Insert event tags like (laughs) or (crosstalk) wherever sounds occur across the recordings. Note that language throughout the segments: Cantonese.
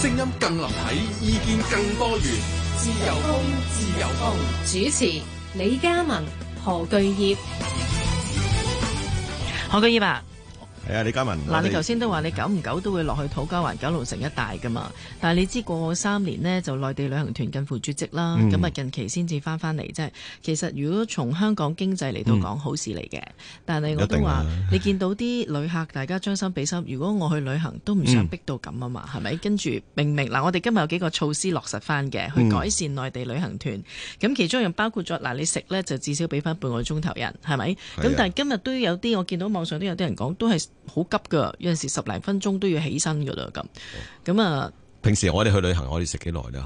聲音更立體，意見更多元。自由風，自由風。主持李嘉文、何巨業，何巨業啊！係啊，李嘉文嗱，啦你頭先都話你久唔久都會落去土瓜灣九龍城一帶噶嘛？但係你知過三年呢，就內地旅行團近乎絕跡啦。咁啊、嗯，近期先至翻翻嚟，即係其實如果從香港經濟嚟到講，嗯、好事嚟嘅。但係我都話你見到啲旅客，大家將心比心。如果我去旅行都唔想逼到咁啊嘛，係咪、嗯？跟住明明嗱，我哋今日有幾個措施落實翻嘅，去改善內地旅行團。咁、嗯、其中又包括咗嗱，你食呢就至少俾翻半個鐘頭人，係咪？咁的但係今日都有啲我見到網上都有啲人講，都係。好急㗎，有陣時十零分鐘都要起身㗎啦，咁咁啊！樣平時我哋去旅行我哋食幾耐咧？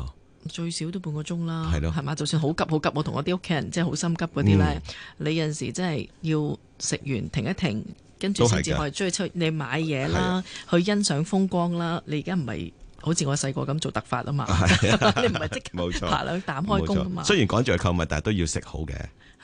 最少都半個鐘啦。係咯的，係嘛？就算好急好急，我同我啲屋企人即係好心急嗰啲咧，嗯、你有陣時真係要食完停一停，跟住先至可以追出去你買嘢啦，去欣賞風光啦。啊、你而家唔係好似我細個咁做突發啊嘛？的 (laughs) (laughs) 你唔係即刻爬兩膽開工啊嘛？雖然趕住去購物，但係都要食好嘅。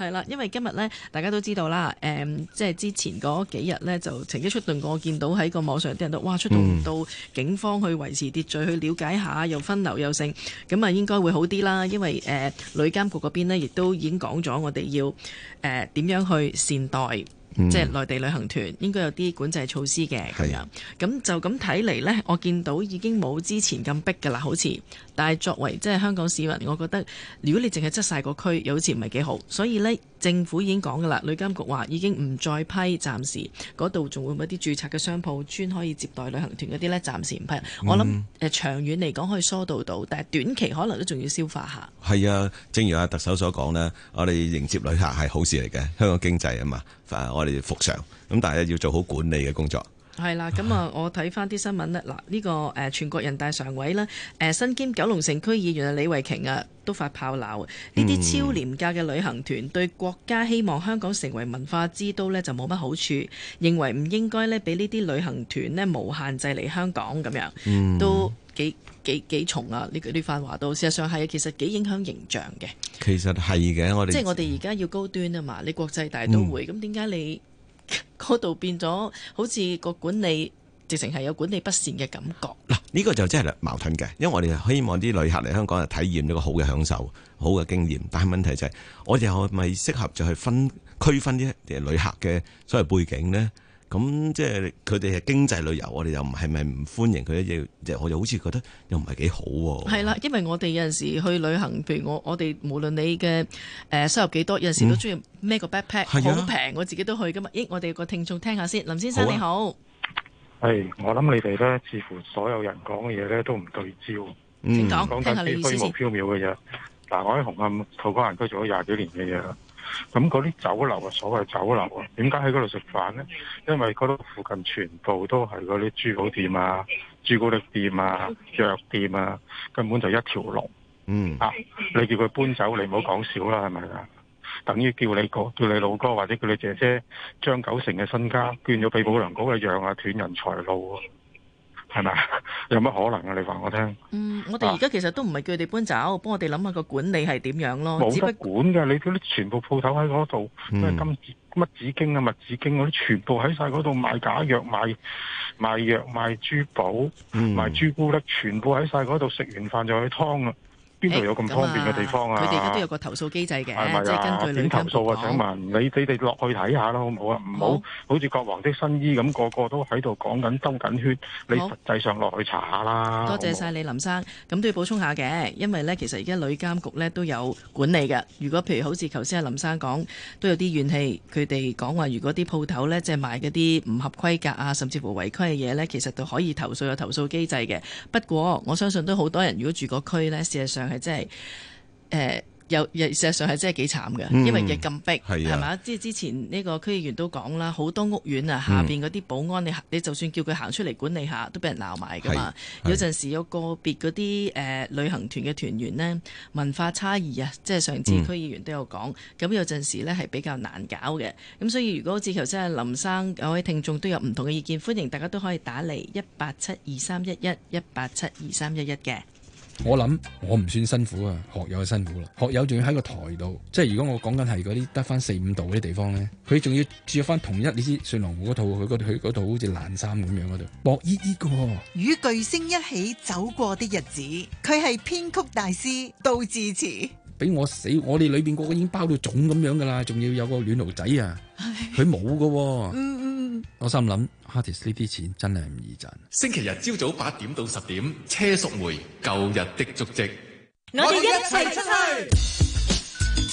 係啦，因為今日呢，大家都知道啦、嗯，即係之前嗰幾日呢，就曾經出動過，我見到喺個網上啲人都哇出動唔到警方去維持秩序，去了解下，又分流又剩，咁啊應該會好啲啦，因為、呃、旅監局嗰邊呢，亦都已經講咗，我哋要誒點樣去善待。嗯、即係內地旅行團應該有啲管制措施嘅，係啊。咁是就咁睇嚟呢，我見到已經冇之前咁逼㗎啦，好似。但係作為即係香港市民，我覺得如果你淨係執晒個區，又好似唔係幾好。所以呢，政府已經講㗎啦，旅監局話已經唔再批，暫時嗰度仲會有啲註冊嘅商鋪專可以接待旅行團嗰啲呢，暫時唔批。嗯、我諗誒長遠嚟講可以疏導到，但係短期可能都仲要消化下。係啊，正如阿特首所講呢，我哋迎接旅客係好事嚟嘅，香港經濟啊嘛。我哋復常，咁但係要做好管理嘅工作。係啦，咁啊，我睇翻啲新聞呢。嗱，呢個誒全國人大常委咧，誒身兼九龍城區議員嘅李慧瓊啊，都發炮鬧呢啲超廉價嘅旅行團對國家希望香港成為文化之都呢就冇乜好處，認為唔應該咧，俾呢啲旅行團咧無限制嚟香港咁樣，都幾。幾幾重啊？呢呢番話到事實上係啊，其實幾影響形象嘅。其實係嘅，我哋即係我哋而家要高端啊嘛，你國際大都會，咁點解你嗰度變咗好似個管理直情係有管理不善嘅感覺？嗱，呢個就真係矛盾嘅，因為我哋希望啲旅客嚟香港係體驗一個好嘅享受、好嘅經驗，但係問題就係、是、我哋係咪適合就係分區分啲旅客嘅所謂背景呢？咁即係佢哋係經濟旅遊，我哋又唔係咪唔歡迎佢？亦即係我又好似覺得又唔係幾好喎。係啦，因為我哋有陣時去旅行，譬如我我哋無論你嘅誒收入幾多，有陣時都中意孭個 backpack，好平，我自己都去噶嘛。咦，我哋個聽眾聽下先，林先生你好。係，我諗你哋咧，似乎所有人講嘅嘢咧都唔對焦，講講下你意思先。講啲虛無縹緲嘅嘢。嗱，我喺紅磡土瓜灣區做咗廿幾年嘅嘢。咁嗰啲酒樓啊，所謂酒樓啊，點解喺嗰度食飯呢？因為嗰度附近全部都係嗰啲珠寶店啊、朱古力店啊、藥店啊，根本就一條龍。嗯，啊，你叫佢搬走，你唔好講笑啦，係咪啊？等於叫你個叫你老哥或者叫你姐姐將九成嘅身家捐咗俾保良局，一樣啊，斷人財路啊。係咪有乜可能啊？你話我聽。嗯，我哋而家其實都唔係叫你搬走，幫我哋諗下個管理係點樣咯。冇得管噶，你嗰啲全部鋪頭喺嗰度，咩金乜紫荊啊、襪紫荊嗰啲，全部喺晒嗰度賣假藥、賣賣藥、賣珠寶、嗯、賣朱古力，全部喺晒嗰度，食完飯就去劏啦。邊度有咁方便嘅地方啊？佢哋、欸、都有個投訴機制嘅，是是啊、即係根據你投訴啊，想問你，你哋落去睇下啦，好唔好啊？唔好好似國王的新衣咁，個個都喺度講緊兜緊圈。你實際上落去查下啦。多好謝晒你林生。咁都要補充下嘅，因為呢，其實而家旅監局呢都有管理嘅。如果譬如好似頭先阿林生講，都有啲怨氣。佢哋講話，如果啲鋪頭呢，即係賣嗰啲唔合規格啊，甚至乎違規嘅嘢呢，其實都可以投訴，有投訴機制嘅。不過我相信都好多人，如果住個區呢，事實上。係真係，誒、呃，有日事實上係真係幾慘嘅，嗯、因為嘢咁逼，係嘛、啊，即係之前呢個區議員都講啦，好多屋苑啊，下邊嗰啲保安，你、嗯、你就算叫佢行出嚟管理下，都俾人鬧埋噶嘛。有陣時有個別嗰啲誒旅行團嘅團員呢，文化差異啊，即、就、係、是、上次區議員都有講，咁、嗯、有陣時呢係比較難搞嘅。咁所以如果好似頭先阿林生，有位聽眾都有唔同嘅意見，歡迎大家都可以打嚟一八七二三一一一八七二三一一嘅。我諗我唔算辛苦啊，學友就辛苦啦。學友仲要喺個台度，即係如果我講緊係嗰啲得翻四五度嗰啲地方咧，佢仲要住翻同一年先順龍嗰套，佢嗰佢嗰套好似爛衫咁樣嗰度，薄熱熱嘅。與巨星一起走過的日子，佢係編曲大師，杜自持。俾我死！我哋裏邊個個已經包到腫咁樣噶啦，仲要有個暖爐仔啊！佢冇噶，嗯嗯、我心諗，Hartis 呢啲錢真係唔易賺。星期日朝早八點到十點，車淑梅舊日的足迹， (music) 我哋一齊出去。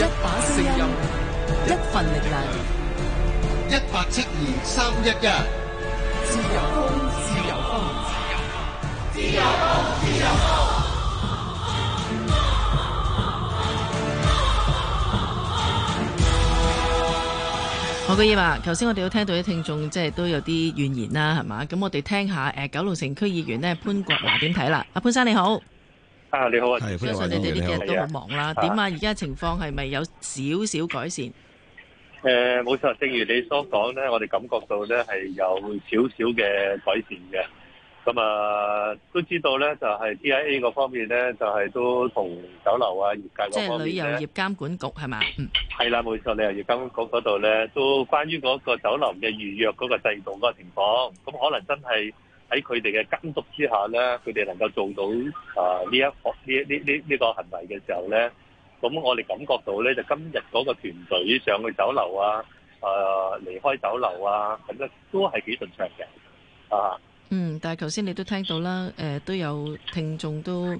一把聲音，一份力量，一八七二三一一。自由風，自由風，自由風，自由風。自由風 (laughs) (laughs) 唉好嘅，葉啊頭先我哋都聽到啲聽眾，即係都有啲怨言啦，係嘛？咁我哋聽下，誒，九龍城區議員咧潘國華點睇啦？阿潘生你好。啊，你好啊，歡迎歡迎你，你好。相信你哋呢幾日都好忙啦。點啊，而家、啊、情況係咪有少少改善？誒、呃，冇錯，正如你所講咧，我哋感覺到咧係有少少嘅改善嘅。咁、嗯、啊，都知道咧就係 TIA 嗰方面咧，就係、是、都同酒樓啊、業界嗰方面咧。即係旅遊業監管局係嘛？嗯，係啦、啊，冇錯，旅遊業監管局嗰度咧都關於嗰個酒樓嘅預約嗰個制度個情況，咁可能真係。喺佢哋嘅監督之下咧，佢哋能夠做到啊呢一項呢呢呢呢個行為嘅時候咧，咁我哋感覺到咧，就今日嗰個團隊上去酒樓啊，誒離開酒樓啊，咁樣都係幾順暢嘅啊。嗯，但係頭先你都聽到啦，誒都有聽眾都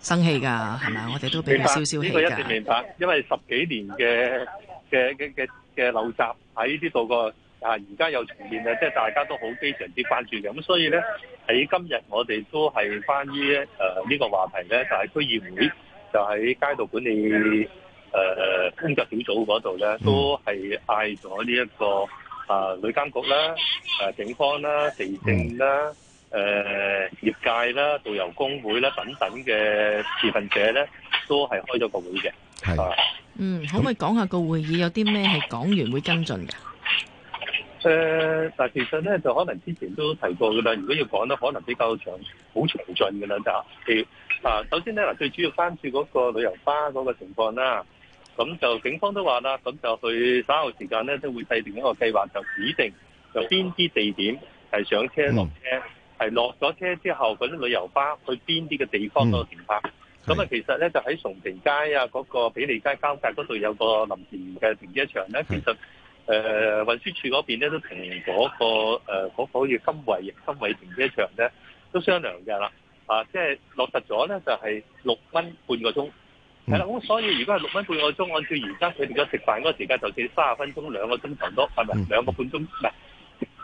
生氣㗎，係咪？我哋都俾少少氣㗎。呢個一定明白，因為十幾年嘅嘅嘅嘅嘅陋習喺呢度個。啊！而家又重現咧，即係大家都好非常之關注嘅。咁所以咧，喺今日我哋都係關於誒呢、呃這個話題咧，就係、是、區議會就喺、是、街道管理誒工作小組嗰度咧，都係嗌咗呢一個啊，旅、呃、監局啦、誒警方啦、地政啦、誒、嗯呃、業界啦、導遊工會啦等等嘅持份者咧，都係開咗個會嘅。係的、啊、嗯，可唔可以講下個會議有啲咩係港員會跟進嘅？呃、但係其實咧，就可能之前都提過噶啦。如果要講得可能比較長、好詳盡噶啦，就係啊，首先咧嗱，最主要關注嗰個旅遊巴嗰個情況啦。咁就警方都話啦，咁就去稍後時間咧，都會制定一個計劃，就指定就邊啲地點係上車落車，係落咗車之後嗰啲旅遊巴去邊啲嘅地方嗰個停泊。咁啊、嗯，其實咧是就喺崇城街啊，嗰、那個比利街交界嗰度有個臨時嘅停車場咧，是其實。誒、呃、運輸署嗰邊咧都同嗰、嗰個誒可、呃嗰個金位金惠停車場咧都商量嘅啦，啊，即係落實咗咧就係六蚊半個鐘，係啦、嗯，咁所以如果係六蚊半個鐘，按照而家佢哋而家食飯嗰個時間，就算三十分鐘兩個鐘頭多，係咪、嗯、兩個半鐘唔係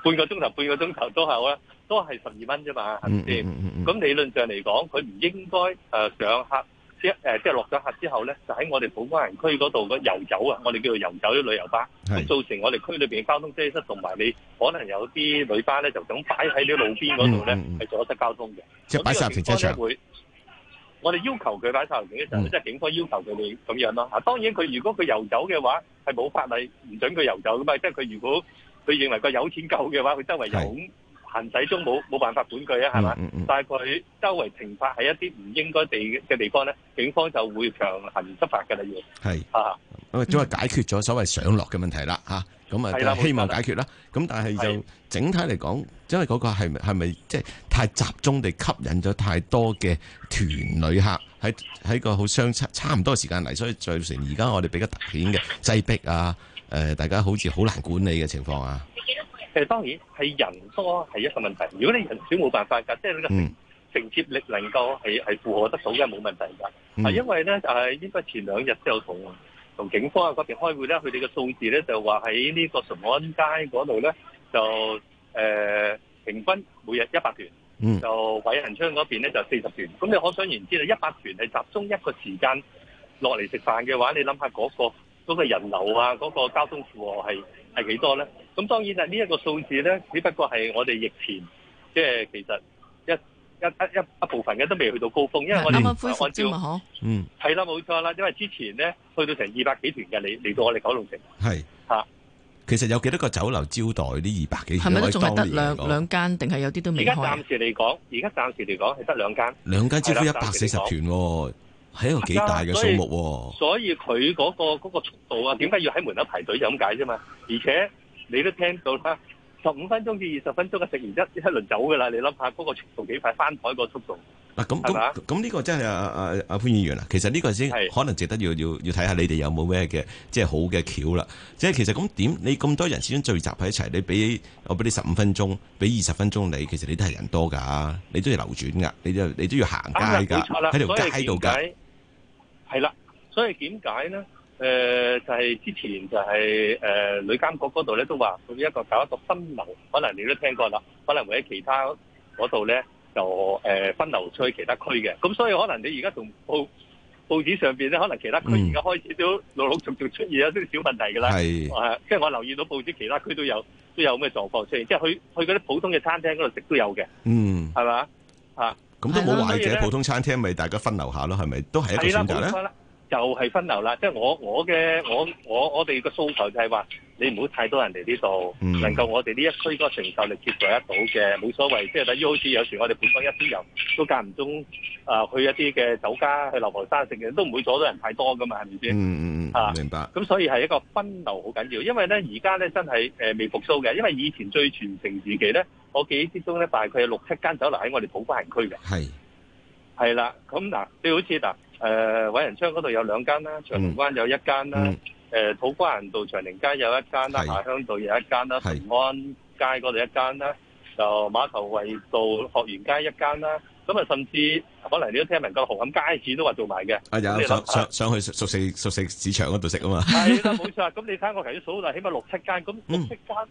半個鐘頭半個鐘頭都好咧，都係十二蚊啫嘛，肯定。咁、嗯嗯嗯、理論上嚟講，佢唔應該誒、呃、上客。即係、呃、即落咗客之後咧，就喺我哋寶安區嗰度嘅遊走啊！我哋叫做遊走啲旅遊巴，咁是造成我哋區裏面嘅交通擠塞，同埋你可能有啲旅巴咧就咁擺喺啲路邊嗰度咧，係阻塞交通嘅。即係擺沙田車場會，我哋要求佢擺沙田車場，即係、嗯、警方要求佢哋咁樣咯、啊。當然佢如果佢遊走嘅話，係冇法例唔准佢遊走噶嘛。即係佢如果佢認為佢有錢夠嘅話，佢周圍遊，行駛中冇冇辦法管佢啊，係嘛？但係佢周圍停泊喺一啲唔應該地嘅地方咧，警方就會強行執法嘅啦，要係啊，咁啊，即係解決咗所謂上落嘅問題啦嚇。咁啊，都希望解決啦。咁但係就整體嚟講，因為嗰個係咪係咪即係太集中地吸引咗太多嘅團旅客喺喺個好相差差唔多時間嚟，所以造成而家我哋比較特顯嘅擠逼啊，誒，大家好似好難管理嘅情況啊。誒，當然係人多係一個問題。如果你人少冇辦法㗎，嗯、即係你個承接力能夠係係負荷得到，嘅，冇問題㗎。係、嗯、因為咧，就係應該前兩日都有同同警方啊嗰邊開會咧，佢哋嘅數字咧就話喺呢個崇安街嗰度咧，就誒、呃、平均每日一百團，嗯、就偉恒昌嗰邊咧就四十團。咁你可想而知，啦，一百團係集中一個時間落嚟食飯嘅話，你諗下嗰個。嗰個人流啊，嗰、那個交通負荷係係幾多咧？咁當然啦，呢、這、一個數字咧，只不過係我哋疫前，即係其實一一一一一部分嘅都未去到高峰，因為我哋啱啱恢復招嘛，嗬，嗯，係啦，冇、嗯、錯啦，因為之前咧去到成二百幾團嘅嚟嚟到我哋九龍城，係嚇是，啊、其實有幾多個酒樓招待呢二百幾？係咪都仲係得兩兩間？定係有啲都未開？而家暫時嚟講，而家暫時嚟講係得兩間，兩間招呼一百四十團喎、啊。係一個幾大嘅數目、啊啊、所以佢嗰、那個嗰、那個速度啊，點解要喺門口排隊就咁解啫嘛？而且你都聽到啦，十五分鐘至二十分鐘啊，食完一一輪走噶啦，你諗下嗰個速度幾快，翻台個速度啊，咁咁咁呢個真係啊啊吧啊，啊，啊，潘議員啊，其實呢個先可能值得要要要睇下你哋有冇咩嘅即係好嘅竅啦。即、就、係、是、其實咁點你咁多人始終聚集喺一齊，你俾我俾你十五分鐘，俾二十分鐘你，其實你都係人多噶、啊，你都要流轉噶，你都你都要行街噶，喺條街度噶。係啦，所以點解咧？誒、呃、就係、是、之前就係、是、誒、呃、女監局嗰度咧都話會一個搞一個分流，可能你都聽過啦，可能會喺其他嗰度咧就分流出去其他區嘅。咁所以可能你而家同報報紙上面，咧，可能其他區而家開始都陸陸續續出現有啲小問題㗎啦。即係我留意到報紙其他區都有都有咁嘅狀況出現，即係去去嗰啲普通嘅餐廳嗰度食都有嘅。嗯、mm.，係、啊、嘛咁都冇壞嘅，啊、普通餐廳咪大家分流下咯，係咪？都係一個選擇咧。就係分流啦，即係我我嘅我我我哋個訴求就係話，你唔好太多人嚟呢度，嗯、能夠我哋呢一區個承受力接受得到嘅，冇所謂。即係等於好似有時我哋本港一啲人都間唔中啊去一啲嘅酒家去流浮山食嘅，都唔會阻到人太多噶嘛，係咪先？嗯啊，明白。咁、啊、所以係一個分流好緊要，因為咧而家咧真係、呃、未復蘇嘅，因為以前最全盛時期咧，我記憶之中咧大概有六七間酒樓喺我哋土瓜灣區嘅，係係啦。咁嗱，你好似嗱。誒偉、呃、仁昌嗰度有兩間啦，長龍灣有一間啦，誒、嗯嗯呃、土瓜灣道長寧街有一間啦，下是鄉道有一間啦，平是安街嗰度一間啦，就馬是頭圍道學園街一間啦，咁啊甚至可能你都聽聞過紅磡街市都話做埋嘅，哎、呀你諗想想，想，想去熟食熟食市場嗰度食啊嘛？係啦，冇錯。咁 (laughs) 你睇我頭先數，就起碼六七間，咁六七間。嗯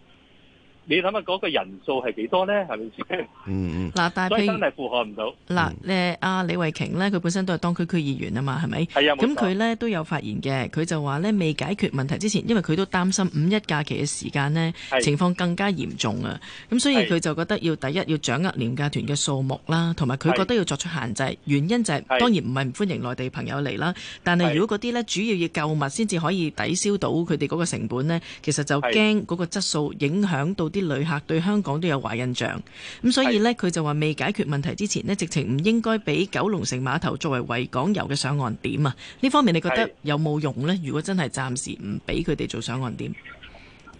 你諗下嗰個人數係幾多呢？係咪先？嗯嗯。嗱，但係真係負荷唔到。嗱，誒阿李慧瓊呢，佢本身都係當區區議員啊嘛，係咪？咁佢、啊、呢都有發言嘅，佢就話呢，未解決問題之前，因為佢都擔心五一假期嘅時間呢是情況更加嚴重啊。咁所以佢就覺得要第一要掌握廉價團嘅數目啦，同埋佢覺得要作出限制。原因就係、是、是當然唔係唔歡迎內地朋友嚟啦，但係如果嗰啲呢主要要購物先至可以抵消到佢哋嗰個成本呢，其實就驚嗰個質素影響到。啲旅客對香港都有壞印象，咁所以呢佢就話未解決問題之前呢，直情唔應該俾九龍城碼頭作為維港遊嘅上岸點啊！呢方面你覺得有冇用呢？如果真係暫時唔俾佢哋做上岸點，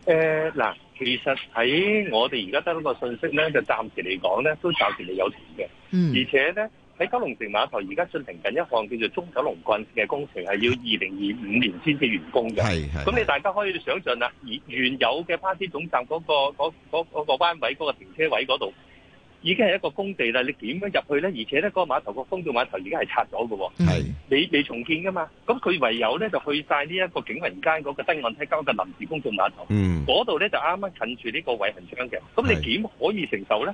誒嗱，其實喺我哋而家得到個信息呢，就暫時嚟講呢，都暫時係有錢嘅，嗯，而且呢。喺九龍城碼頭而家進行緊一項叫做中九龍幹嘅工程，係要二零二五年先至完工嘅。係係。咁你大家可以想象啦，而原有嘅巴士總站嗰個、嗰、嗰、嗰個班位、嗰個停車位嗰度，已經係一個工地啦。你點樣入去咧？而且咧，個碼頭個公眾碼頭已經係拆咗嘅。係。你你重建噶嘛？咁佢唯有咧就去晒呢一個景雲街嗰個登岸梯交嘅臨時公眾碼頭。嗯。嗰度咧就啱啱近住呢個偉恒昌嘅。咁你點可以承受咧？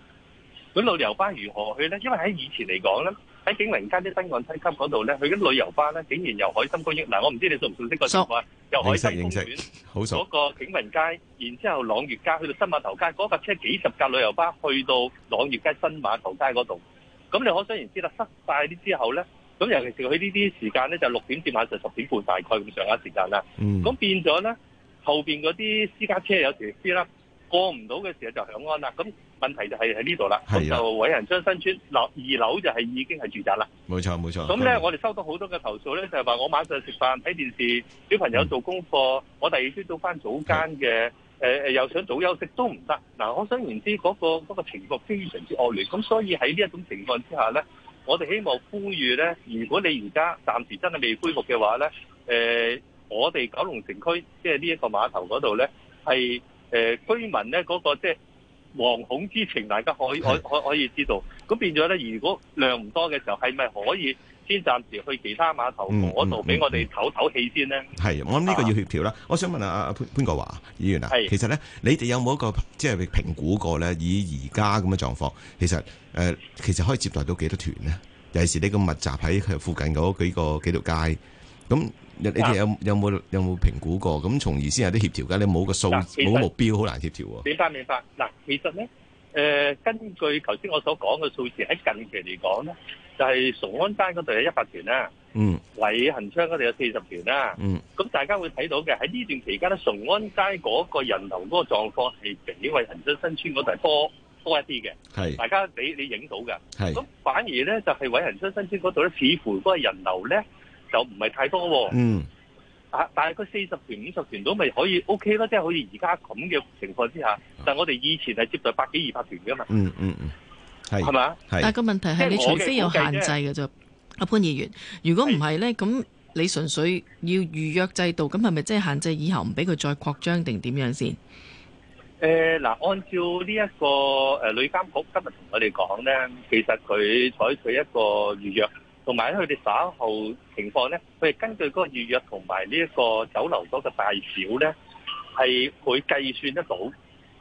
咁旅遊巴如何去咧？因為喺以前嚟講咧，喺景雲街啲登岸梯級嗰度咧，去緊旅遊巴咧，竟然由海心公園。嗱、呃，我唔知你熟唔熟悉個情況。熟悉識。好熟。嗰識個景雲街，然之後，後朗月街去到新碼頭街，嗰架車幾十架旅遊巴去到朗月街新碼頭街嗰度。咁你可想而知啦，塞曬啲之後咧，咁尤其是佢呢啲時間咧，就六、是、點至晚上十點半大概咁上下時間啦。咁、嗯、變咗咧，後面嗰啲私家車有時啲啦。過唔到嘅時候就響安啦，咁問題就係喺呢度啦。係啊，就委人將新村樓二樓就係已經係住宅啦。冇錯冇錯。咁咧，我哋收到好多嘅投訴咧，就係、是、話我晚上食飯睇電視，小朋友做功課，嗯、我第二朝早翻早間嘅，誒的、呃、又想早休息都唔得。嗱、呃，可想而知嗰、那個嗰、嗰個、情況非常之惡劣。咁所以喺呢一種情況之下咧，我哋希望呼籲咧，如果你而家暫時真係未恢復嘅話咧，誒、呃，我哋九龍城區即係呢一個碼頭嗰度咧係。誒、呃、居民咧嗰、那個即係惶恐之情，大家可以可可是可以知道。咁變咗咧，如果量唔多嘅時候，係咪可以先暫時去其他碼頭嗰度俾我哋唞唞氣先呢？係，我諗呢個要協調啦。啊、我想問下阿潘潘國華議員啊，是其實咧，你哋有冇一個即係、就是、評估過咧？以而家咁嘅狀況，其實誒、呃，其實可以接待到幾多團呢？尤其是你咁密集喺附近嗰幾個幾條街。咁你哋有有冇有冇評估過？咁從而先有啲協調㗎，你冇個數冇目標，好難協調。明白明白。嗱，其實咧，誒、呃，根據頭先我所講嘅數字，喺近期嚟講咧，就係崇安街嗰度有一百團啦，嗯，偉恒昌嗰度有四十團啦，嗯，咁大家會睇到嘅喺呢段期間咧，崇安街嗰個人流嗰個狀況係比偉恒昌新村嗰度多多一啲嘅，係。大家你你影到嘅，係。咁反而咧就係偉恒昌新村嗰度咧，似乎嗰個人流咧。就唔係太多喎、啊。嗯。啊、但但係佢四十團五十團都咪可以 O K 啦，即、就、係、是、好似而家咁嘅情況之下。嗯、但係我哋以前係接待百幾二百團㗎嘛。嗯嗯嗯。係吧。咪？嘛？係。但係個問題係，你除非有限制㗎啫。阿、啊、潘議員，如果唔係咧，咁是你純粹要預約制度，咁係咪即係限制以後唔俾佢再擴張定點樣先？誒嗱、呃啊，按照呢、這、一個誒旅、呃、監局今日同我哋講咧，其實佢採取一個預約。同埋咧，佢哋稍後情況咧，佢係根據嗰個預約同埋呢一個酒樓嗰個大小咧，係會計算得到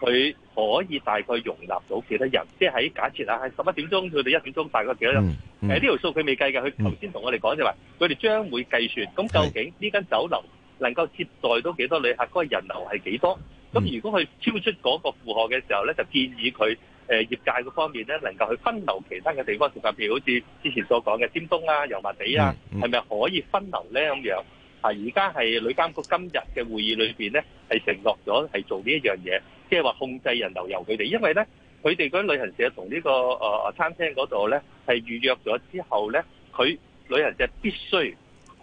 佢可以大概容納到幾多人。即係喺假設啊，係十一點鐘，去到一點鐘大概幾多人？誒，呢條數佢未計嘅。佢頭先同我哋講就話，佢哋將會計算。咁究竟呢間酒樓能夠接待到幾多旅客？嗰個人流係幾多？咁如果佢超出嗰個負荷嘅時候咧，就建議佢。誒，業界嗰方面咧，能夠去分流其他嘅地方食飯，譬如好似之前所講嘅尖東啊、油麻地啊，係咪、嗯嗯、可以分流咧咁樣？啊，而家係旅監局今日嘅會議裏邊咧，係承諾咗係做呢一樣嘢，即係話控制人流由佢哋，因為咧佢哋嗰啲旅行社同呢、這個誒、呃、餐廳嗰度咧係預約咗之後咧，佢旅行社必須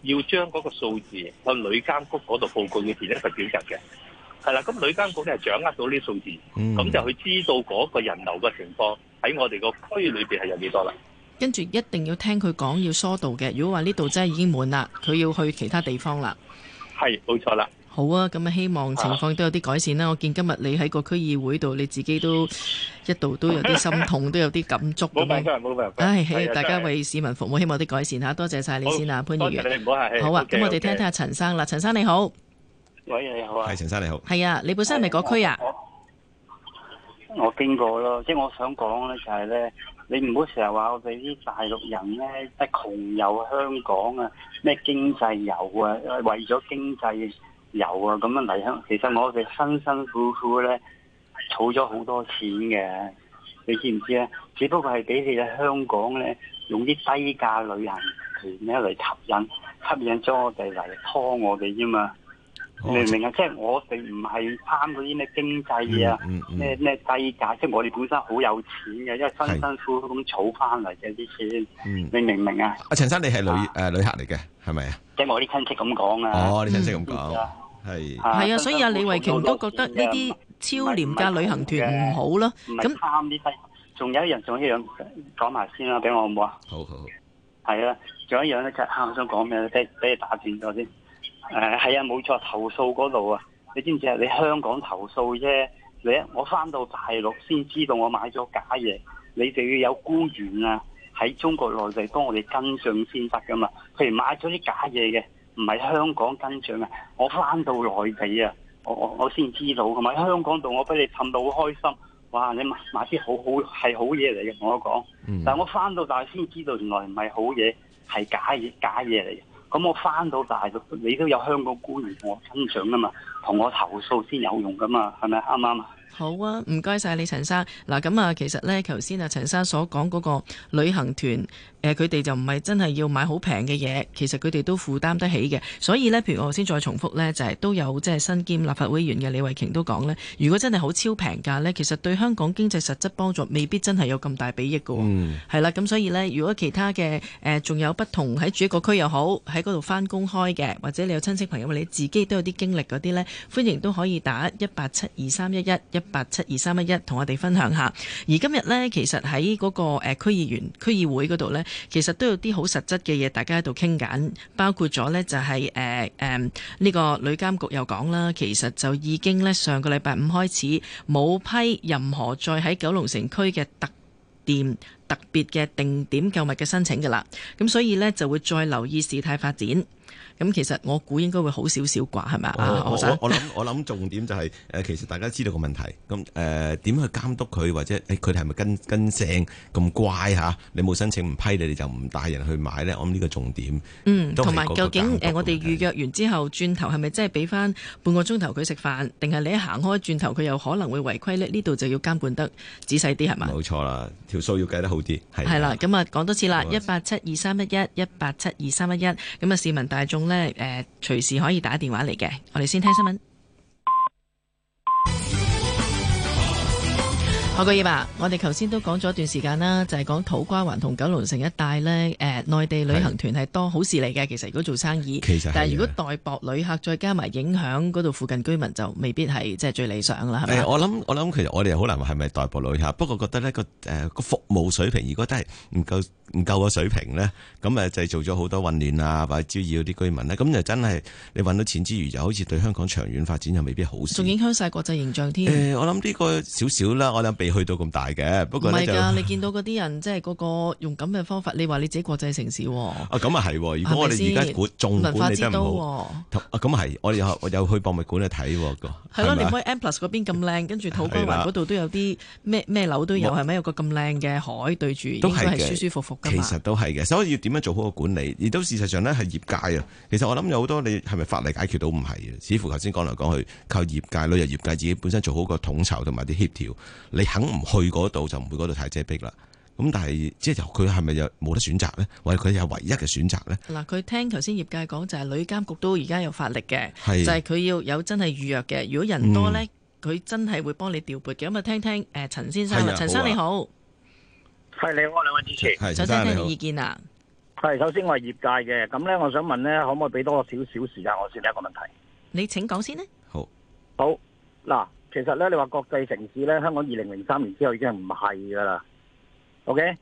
要將嗰個數字向旅監局嗰度報告要填一個表格嘅。係啦，咁旅監局咧係掌握到呢啲數字，咁就佢知道嗰個人流嘅情況喺我哋個區裏邊係有幾多啦。跟住一定要聽佢講要疏導嘅，如果話呢度真係已經滿啦，佢要去其他地方啦。係，冇錯啦。好啊，咁啊希望情況都有啲改善啦。我見今日你喺個區議會度，你自己都一度都有啲心痛，都有啲感觸咁啊。冇問題，冇問題。唉，大家為市民服務，希望啲改善吓，多謝晒你先啊，潘議員。好，唔好客氣。好啊，咁我哋聽聽阿陳生啦，陳生你好。喂，你好啊！係陳生，你好。係啊，你本身係咪嗰區啊，我經過咯，即係我想講咧，就係咧，你唔好成日話我哋啲大陸人咧，即窮遊香港啊，咩經濟遊啊，為咗經濟遊啊，咁樣嚟香港。其實我哋辛辛苦苦咧，儲咗好多錢嘅，你知唔知啊？只不過係俾你嘅香港咧，用啲低價旅行團嚟咩嚟吸引，吸引咗我哋嚟拖我哋啫嘛。明唔明啊？即係我哋唔係貪嗰啲咩經濟啊，咩咩低價。即係我哋本身好有錢嘅，因為辛辛苦苦咁儲翻嚟嘅啲錢。你明唔明啊？阿陳生，你係旅誒旅客嚟嘅係咪啊？即係我啲親戚咁講啊！哦，你親戚咁講，係係啊，所以啊，李慧瓊都覺得呢啲超廉價旅行團唔好咯。咁貪啲低，仲有一樣，仲有一樣講埋先啦，俾我好唔好啊？好，好係啊，仲有一樣咧，就係啱想講咩咧，俾俾你打斷咗先。誒係啊，冇錯，投訴嗰度啊，你知唔知啊？你香港投訴啫，你我翻到大陸先知道我買咗假嘢。你就要有僱員啊，喺中國內地幫我哋跟進先得㗎嘛。譬如買咗啲假嘢嘅，唔係香港跟進啊，我翻到內地啊，我我先知道嘛。同埋喺香港度我俾你氹到好開心，哇！你買啲好好係好嘢嚟嘅，同我講，但我翻到大陸先知道，原來唔係好嘢，係假嘢，假嘢嚟嘅。咁我翻到大陸，你都有香港官員同我爭上噶嘛？同我投訴先有用噶嘛？係咪啱啱啊？好啊，唔該晒你，陳生。嗱咁啊，其實呢，頭先啊，陳生所講嗰個旅行團，誒佢哋就唔係真係要買好平嘅嘢，其實佢哋都負擔得起嘅。所以呢，譬如我頭先再重複呢，就係、是、都有即係身兼立法會議員嘅李慧瓊都講呢，如果真係好超平價呢，其實對香港經濟實質幫助未必真係有咁大裨益嘅、嗯。嗯。係啦，咁所以呢，如果其他嘅誒仲有不同喺住一個區又好，喺嗰度翻工開嘅，或者你有親戚朋友或者你自己都有啲經歷嗰啲呢，歡迎都可以打一八七二三一一一，八七二三一一同我哋分享下，而今日呢，其實喺嗰個誒區議員、區議會嗰度呢，其實都有啲好實質嘅嘢，大家喺度傾緊，包括咗呢就係誒誒呢個旅監局又講啦，其實就已經呢上個禮拜五開始冇批任何再喺九龍城區嘅特店、特別嘅定點購物嘅申請噶啦，咁所以呢就會再留意事態發展。咁其實我估應該會好少少啩，係咪啊？我我我諗我諗重點就係、是、誒，其實大家知道個問題，咁誒點去監督佢或者誒佢係咪跟跟正咁乖嚇？你冇申請唔批你，你就唔帶人去買呢？我諗呢個重點、那個。嗯，同埋究竟誒、呃，我哋預約完之後轉頭係咪真係俾翻半個鐘頭佢食飯？定係你一行開轉頭佢又可能會違規呢？呢度就要監管得仔細啲係嘛？冇錯啦，條數要計得好啲。係啦，咁啊講多次啦，一八七二三一一，一八七二三一一，咁啊市民大眾。咧，誒隨時可以打電話嚟嘅，我哋先聽新聞。何國義啊，我哋頭先都講咗一段時間啦，就係講土瓜灣同九龍城一帶咧，誒內地旅行團係多好事嚟嘅。其實如果做生意，但係如果代駁旅客再加埋影響嗰度附近居民，就未必係即係最理想啦。誒，我諗我諗，其實我哋又好難話係咪代駁旅客。不過覺得咧個誒個服務水平，如果都係唔夠唔夠嘅水平咧，咁啊製造咗好多混亂啊，或者招惹啲居民咧，咁就真係你揾到錢之餘，又好似對香港長遠發展又未必好事，仲影響晒國際形象添。誒，我諗呢個少少啦，我諗。你去到咁大嘅，不過唔係㗎。你見到嗰啲人，即係嗰個用咁嘅方法。你話你自己國際城市喎。啊，咁啊係。如果我哋而家管，縱管你都冇。啊，咁係。我哋有有去博物館去睇㗎。係咯，你可以 M+ 嗰邊咁靚，跟住土瓜灣嗰度都有啲咩咩樓都有，係咪有個咁靚嘅海對住，都係舒舒服服㗎嘛？其實都係嘅。所以要點樣做好個管理，亦都事實上呢係業界啊。其實我諗有好多你係咪法例解決到唔係嘅？似乎頭先講嚟講去，靠業界旅遊業界自己本身做好個統籌同埋啲協調，你。.肯唔去嗰度就唔會嗰度太擠逼啦。咁但係即係就佢係咪有冇得選擇呢？或者佢有唯一嘅選擇呢？嗱，佢聽頭先業界講就係、是、旅監局都而家有法力嘅，的就係佢要有真係預約嘅。如果人多呢，佢、嗯、真係會幫你調撥嘅。咁啊，聽聽誒、呃、陳先生啊，陳生你好，係你好，兩位主持，首先聽，聽你意見啊。係，首先我係業界嘅，咁呢，我想問呢，可唔可以俾多少少時間我先？第一個問題，你請講先呢？好，好，嗱。其實咧，你話國際城市咧，香港二零零三年之後已經唔係噶啦。O K，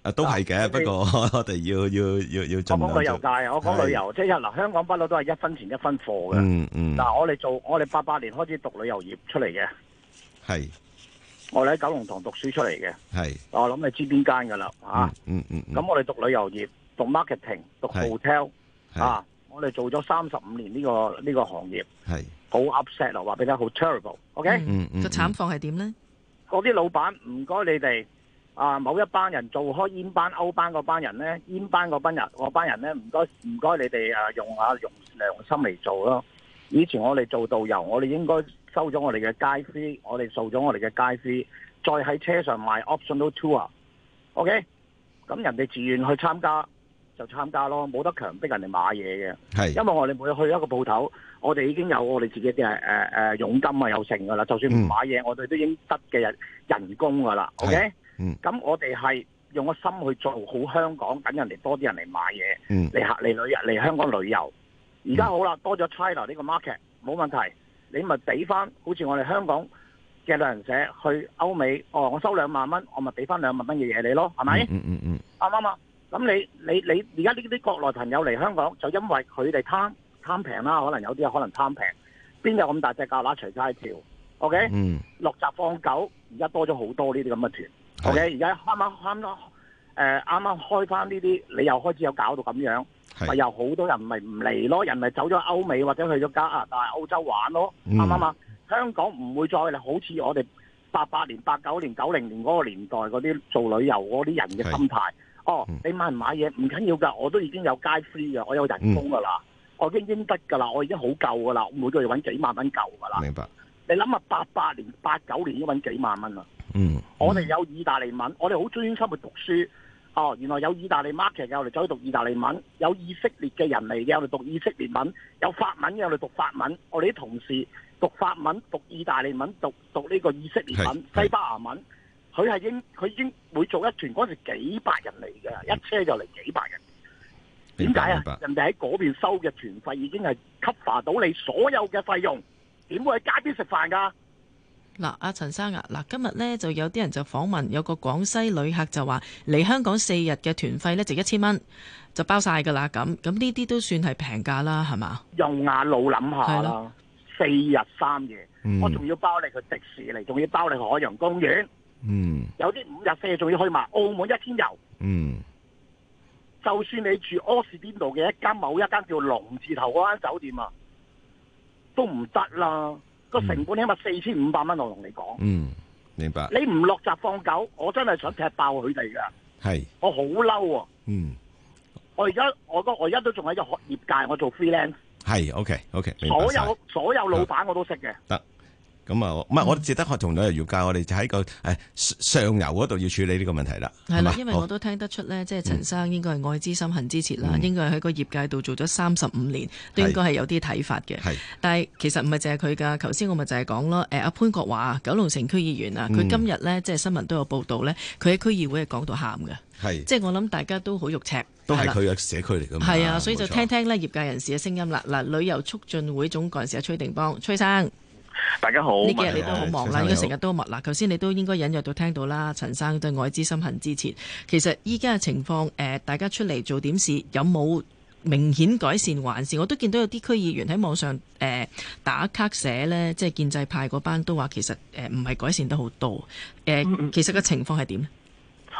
啊，都係嘅，不過我哋要要要要做。我講旅遊界，我講旅遊，即係嗱，香港不嬲都係一分錢一分貨嘅。嗯嗯。嗱，我哋做，我哋八八年開始讀旅遊業出嚟嘅。係。我哋喺九龍塘讀書出嚟嘅。係。我諗你知邊間噶啦，吓。嗯嗯。咁我哋讀旅遊業，讀 marketing，讀 hotel 啊，我哋做咗三十五年呢個呢個行業。係。好 upset 咯，話比較好 terrible，OK？個慘況係點呢？嗰啲、okay? 嗯嗯嗯、老闆唔該你哋啊，某一班人做開煙班歐班嗰班人呢煙班嗰班人嗰班人呢？唔該唔該你哋啊，用下用良心嚟做咯。以前我哋做導遊，我哋應該收咗我哋嘅街梯，我哋收咗我哋嘅街梯，再喺車上賣 optional tour，OK？、Okay? 咁人哋自願去參加。就參加咯，冇得強逼人哋買嘢嘅。係，因為我哋每去一個鋪頭，我哋已經有我哋自己嘅誒誒佣金啊，有剩噶啦。就算唔買嘢，嗯、我哋都已經得嘅人工噶啦。OK，咁我哋係用個心去做好香港，等人哋多啲人嚟買嘢，嚟客嚟旅嚟香港旅遊。而家好啦，嗯、多咗 China 呢個 market，冇問題。你咪俾翻好似我哋香港嘅旅行社去歐美，哦，我收兩萬蚊，我咪俾翻兩萬蚊嘅嘢你咯，係咪、嗯吧嗯？嗯嗯嗯，啱唔啱啊？咁你你你而家呢啲國內朋友嚟香港，就因為佢哋貪貪平啦，可能有啲可能貪平，邊有咁大隻蛤乸隨街跳？O K，嗯，落閘放狗，而家多咗好多呢啲咁嘅團。O K，而家啱啱啱誒啱啱開翻呢啲，你又開始有搞到咁樣，咪是又好多人咪唔嚟咯，人咪走咗歐美或者去咗加拿大澳洲玩咯，啱唔啱啊？香港唔會再嚟好似我哋八八年、八九年、九零年嗰個年代嗰啲做旅遊嗰啲人嘅心態。哦，你買唔買嘢唔緊要噶，我都已經有街 free 㗎，我有人工噶啦，嗯、我已經應得噶啦，我已經好夠噶啦，我每個月搵幾萬蚊夠噶啦。明白。你諗下八八年、八九年都搵幾萬蚊啦。嗯。我哋有意大利文，我哋好專心去讀書。哦，原來有意大利 market 嘅，我哋走去讀意大利文；有以色列嘅人嚟嘅，我哋讀以色列文；有法文嘅，我哋讀法文。我哋啲同事讀法文、讀意大利文、讀讀呢個以色列文、西班牙文。佢係應佢已經每做一團嗰陣時幾百人嚟噶，一車就嚟幾百人。點解啊？人哋喺嗰邊收嘅團費已經係 cover 到你所有嘅費用，點會喺街邊食飯噶？嗱，阿陳生啊，嗱、啊，今日咧就有啲人就訪問，有個廣西旅客就話嚟香港四日嘅團費咧就一千蚊就包晒噶、啊、啦，咁咁呢啲都算係平價啦，係嘛？用眼腦諗下啦，四日三夜，嗯、我仲要包你去迪士尼，仲要包你去海洋公園。嗯，有啲五日四夜仲要去埋澳門一天遊，嗯，就算你住柯士甸道嘅一間某一間叫龍字頭嗰間酒店啊，都唔得啦，個成本起碼四千五百蚊我同你講，嗯，明白。你唔落閘放狗，我真係想踢爆佢哋㗎，係，我好嬲啊，嗯，我而家我都我而家都仲喺個業界，我做 freelance，係，ok，ok，、okay, okay, 所有所有老闆我都識嘅，得。咁啊，唔係我值得學同旅遊業界我哋就喺個上游嗰度要處理呢個問題啦。係啦，因為我都聽得出咧，即係陳生應該係愛之深恨之切啦，應該係喺個業界度做咗三十五年，都應該係有啲睇法嘅。但係其實唔係淨係佢㗎。頭先我咪就係講咯，阿潘國華九龍城區議員啊，佢今日咧即係新聞都有報導咧，佢喺區議會係講到喊㗎。即係我諗大家都好肉赤。都係佢嘅社區嚟㗎嘛。係啊，所以就聽聽咧業界人士嘅聲音啦。嗱，旅遊促進會總幹事阿崔定邦，崔生。大家好，呢幾日你都好忙啦，哎呀嗯、應該成日都密啦。頭先、嗯、你都應該隱約到聽到啦，陳生對愛之深恨之切其實依家嘅情況，誒、呃，大家出嚟做點事，有冇明顯改善還是？我都見到有啲區議員喺網上誒、呃、打卡寫呢即係建制派嗰班都話，其實誒唔係改善得好多。誒、呃、嗯、其實個情況係點咧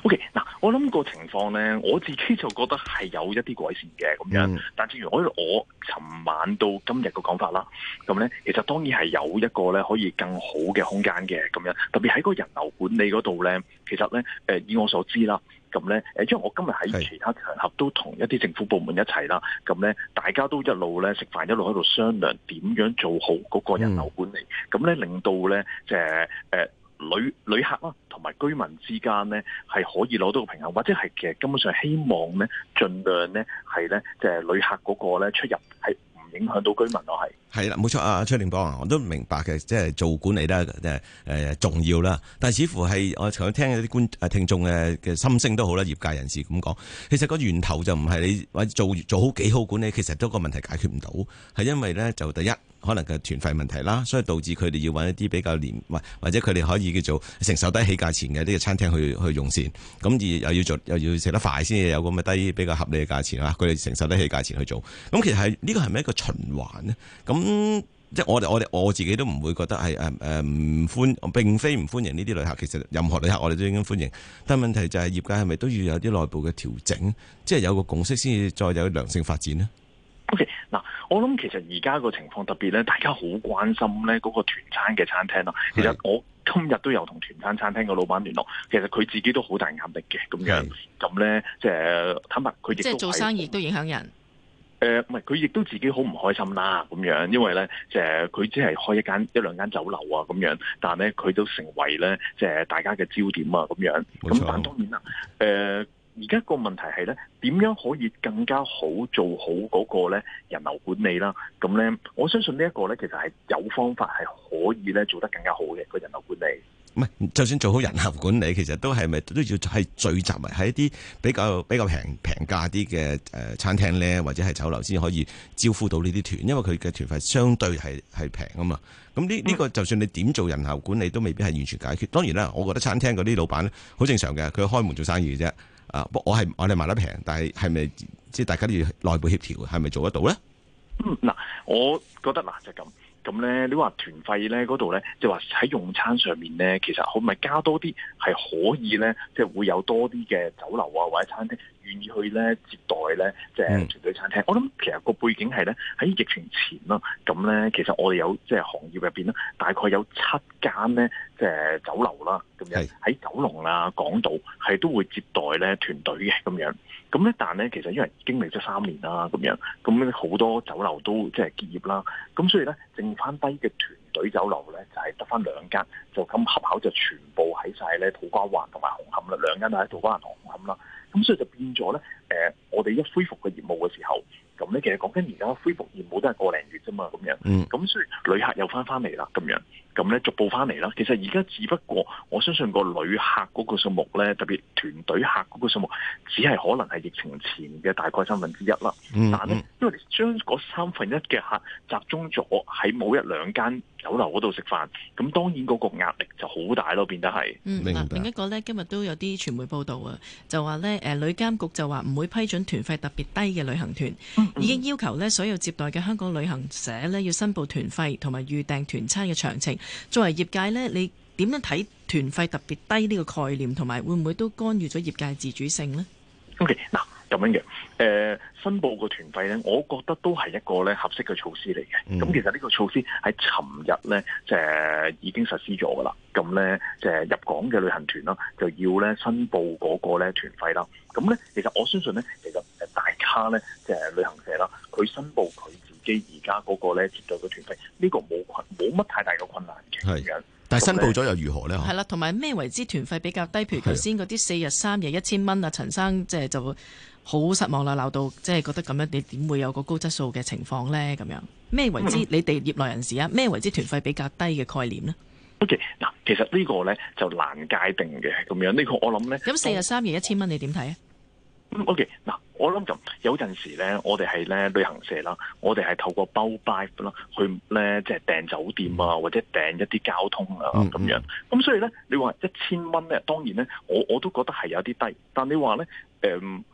？O K，我諗個情況咧，我自己就覺得係有一啲改善嘅咁樣、嗯、但正如我我尋晚到今日嘅講法啦，咁咧其實當然係有一個咧可以更好嘅空間嘅咁樣。特別喺個人流管理嗰度咧，其實咧、呃、以我所知啦，咁咧誒，因為我今日喺其他場合都同一啲政府部門一齊啦，咁咧大家都一路咧食飯一路喺度商量點樣做好嗰個人流管理，咁咧、嗯、令到咧就誒。呃旅旅客啦，同埋居民之間咧，係可以攞到個平衡，或者係其實根本上希望咧，儘量咧係咧，就係旅客嗰個咧出入係唔影響到居民咯，係。係啦，冇錯啊，崔定邦啊，我都明白嘅，即係做管理咧，誒誒重要啦。但係似乎係我常聽嗰啲觀誒聽眾嘅嘅心聲都好啦，業界人士咁講。其實個源頭就唔係你或者做做好幾好管理，其實都個問題解決唔到，係因為咧就第一。可能嘅團費問題啦，所以導致佢哋要搵一啲比較廉，或或者佢哋可以叫做承受得起價錢嘅呢個餐廳去去用先，咁而又要做又要食得快先有咁嘅低比較合理嘅價錢啦。佢哋承受得起價錢去做，咁其實呢個係咪一個循環呢？咁即係我哋我哋我自己都唔會覺得係誒誒唔歡並非唔歡迎呢啲旅客。其實任何旅客我哋都應該歡迎，但問題就係業界係咪都要有啲內部嘅調整，即係有個共式先至再有良性發展呢？o K。Okay. 我諗其實而家個情況特別咧，大家好關心咧嗰個團餐嘅餐廳啦。其實我今日都有同團餐餐廳嘅老闆聯絡，其實佢自己都好大壓力嘅咁的樣呢。咁咧，即係坦白，佢亦即係做生意都影響人。誒、呃，唔係，佢亦都自己好唔開心啦。咁樣，因為咧，即係佢只係開一間一兩間酒樓啊，咁樣，但係咧佢都成為咧即係大家嘅焦點啊，咁樣。咁錯但當然啦，誒、呃。而家個問題係咧，點樣可以更加好做好嗰個咧人流管理啦？咁咧，我相信呢一個咧，其實係有方法係可以咧做得更加好嘅個人流管理。唔係，就算做好人流管理，其實都係咪都要係聚集埋喺一啲比較比較平平價啲嘅誒餐廳咧，或者係酒樓先可以招呼到呢啲團，因為佢嘅團費相對係係平啊嘛。咁呢呢個、嗯、就算你點做人流管理，都未必係完全解決。當然啦，我覺得餐廳嗰啲老闆咧，好正常嘅，佢開門做生意嘅啫。啊！不我我係我哋賣得平，但係係咪即係大家都要內部協調，係咪做得到咧？嗯、嗱，我覺得嗱就咁咁咧，你話團費咧嗰度咧，即係話喺用餐上面咧，其實可唔可以加多啲，係可以咧，即係會有多啲嘅酒樓啊或者餐廳。願意去咧接待咧，即係團隊餐廳。嗯、我諗其實個背景係咧喺疫情前咯，咁咧其實我哋有即係行業入邊咧，大概有七間咧即係酒樓啦，咁樣喺九龍啊、港島係都會接待咧團隊嘅咁樣。咁咧但咧其實因為經歷咗三年啦，咁樣咁咧好多酒樓都即係結業啦。咁所以咧剩翻低嘅團隊酒樓咧就係得翻兩間，就咁合口就全部喺晒咧土瓜灣同埋紅磡啦，兩間都喺土瓜灣同紅磡啦。咁所以就變咗咧，誒、呃，我哋一恢復嘅業務嘅時候，咁咧其實講緊而家恢復業務都係個零月啫嘛，咁樣，咁所以旅客又返返嚟啦，咁樣。咁咧逐步翻嚟啦。其實而家只不過，我相信個旅客嗰個數目咧，特別團隊客嗰個數目，只係可能係疫情前嘅大概三分之一啦。嗯嗯、但咧，因為將嗰三分一嘅客集中咗喺某一兩間酒樓嗰度食飯，咁當然嗰個壓力就好大咯，變得係。嗯，另一個咧，今日都有啲傳媒報道啊，就話咧，誒、呃、旅監局就話唔會批准團費特別低嘅旅行團，嗯嗯、已經要求咧所有接待嘅香港旅行社咧要申報團費同埋預訂團餐嘅詳情。作為業界咧，你點樣睇團費特別低呢個概念，同埋會唔會都干預咗業界自主性呢？OK，嗱，咁樣嘅，誒，申報個團費咧，我覺得都係一個咧合適嘅措施嚟嘅。咁、mm. 其實呢個措施喺尋日咧就係已經實施咗噶啦。咁咧就係、是、入港嘅旅行團啦，就要咧申報嗰個咧團費啦。咁咧其實我相信咧，其實誒大家咧就係、是、旅行社啦，佢申報佢。嘅而家嗰個咧接到嘅團費，呢個冇冇乜太大嘅困難嘅。係，但係申報咗又如何咧？係啦，同埋咩為之團費比較低譬如頭先，嗰啲四日三夜一千蚊啊，陳生即係就會好失望啦，鬧到即係覺得咁樣你點會有個高質素嘅情況咧？咁樣咩為之？嗯、你哋業內人士啊，咩為之團費比較低嘅概念呢？OK，嗱，其實呢個咧就難界定嘅咁樣，呢個我諗咧，咁四日三夜一千蚊你點睇啊？咁 OK 嗱，我諗就有陣時咧，我哋係咧旅行社啦，我哋係透過 bulk buy 啦，去咧即係訂酒店啊，或者訂一啲交通啊咁樣。咁、mm hmm. 所以咧，你話一千蚊咧，當然咧，我我都覺得係有啲低。但你話咧，誒、呃，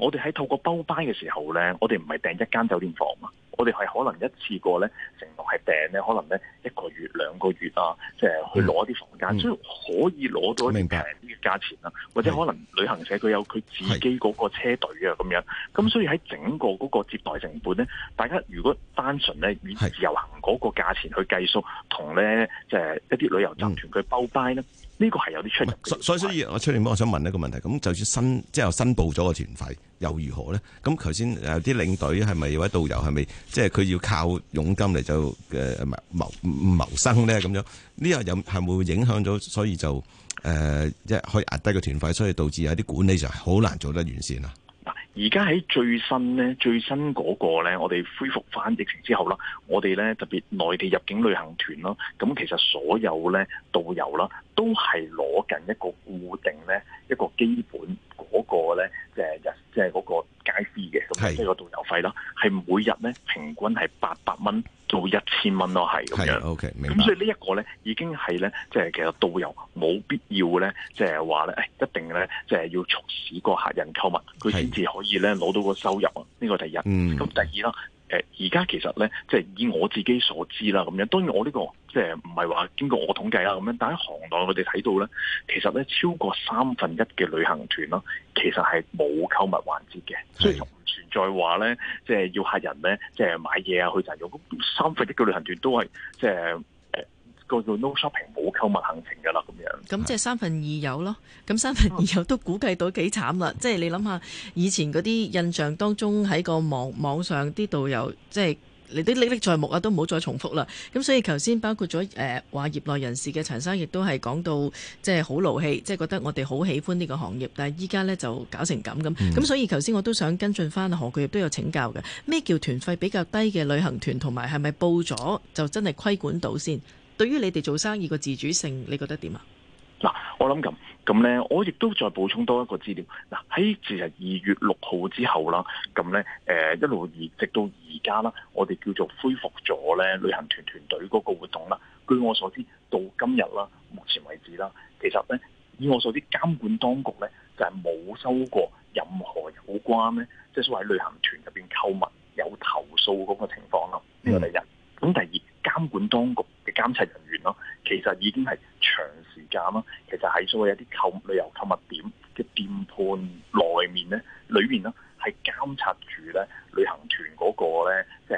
我哋喺透過 bulk buy 嘅時候咧，我哋唔係訂一間酒店房啊。我哋係可能一次過咧，承諾係訂咧，可能咧一個月兩個月啊，即係去攞啲房間、嗯、所以可以攞到一啲平啲嘅價錢啊。白或者可能旅行社佢有佢自己嗰個車隊啊，咁是樣。咁所以喺整個嗰個接待成本咧，大家如果單純咧以自由行嗰個價錢去計數，同咧即係一啲旅遊集團佢包 buy 咧。咧、就是。是嗯呢個係有啲出入，所以所以我崔定邦，我想問一個問題，咁就算申即係申報咗個團費又如何咧？咁頭先有啲領隊係咪有位導遊係咪即係佢要靠佣金嚟就誒唔係謀謀生咧咁樣？呢個有係冇影響咗？所以就誒、呃、即係可以壓低個團費，所以導致有啲管理上好難做得完善啊？而家喺最新咧，最新嗰個咧，我哋恢復翻疫情之後啦，我哋咧特別內地入境旅行團咯，咁其實所有咧導遊啦，都係攞緊一個固定咧一個基本。嗰個咧，即係日，即係嗰個解釋嘅，咁即係個導遊費啦，係是每日咧平均係八百蚊到一千蚊咯，係咁樣。O K. 明白。咁所以呢一個咧，已經係咧，即係其實導遊冇必要咧，即係話咧，誒一定咧，即係要促使個客人購物，佢先至可以咧攞是到個收入啊。呢個第一。嗯。咁第二啦。誒而家其實咧，即係以我自己所知啦，咁樣當然我呢個即係唔係話經過我統計啦，咁樣但喺行內我哋睇到咧，其實咧超過三分一嘅旅行團咯，其實係冇購物環節嘅，所以唔存在話咧，即係要客人咧即係買嘢啊去賺用。咁三分一嘅旅行團都係即係。叫做 no shopping 冇購物行程嘅啦，咁樣。咁即係三分二有咯，咁三分二有都估計到幾慘啦。即係你諗下，以前嗰啲印象當中喺個網，網上啲導遊，即係你都歷歷在目啊，都唔好再重複啦。咁所以頭先包括咗誒、呃、話業內人士嘅陳生，亦都係講到即係好勞氣，即係覺得我哋好喜歡呢個行業，但係依家呢，就搞成咁咁。咁、嗯、所以頭先我都想跟進翻何佢亦都有請教嘅，咩叫團費比較低嘅旅行團，同埋係咪報咗就真係規管到先？對於你哋做生意個自主性，你覺得點啊？嗱，我諗咁咁咧，我亦都再補充多一個資料。嗱，喺自二月六號之後啦，咁咧，誒一路而直到而家啦，我哋叫做恢復咗咧旅行團團隊嗰個活動啦。據我所知，到今日啦，目前為止啦，其實咧，以我所知，監管當局咧就係冇收過任何有關咧，即係所謂喺旅行團入邊購物有投訴嗰個情況啦。呢個第一，咁第二。監管當局嘅監察人員咯，其實已經係長時間啦。其實喺所謂一啲旅遊購物點嘅店鋪內面咧，裏面咧係監察住咧旅行團嗰個咧誒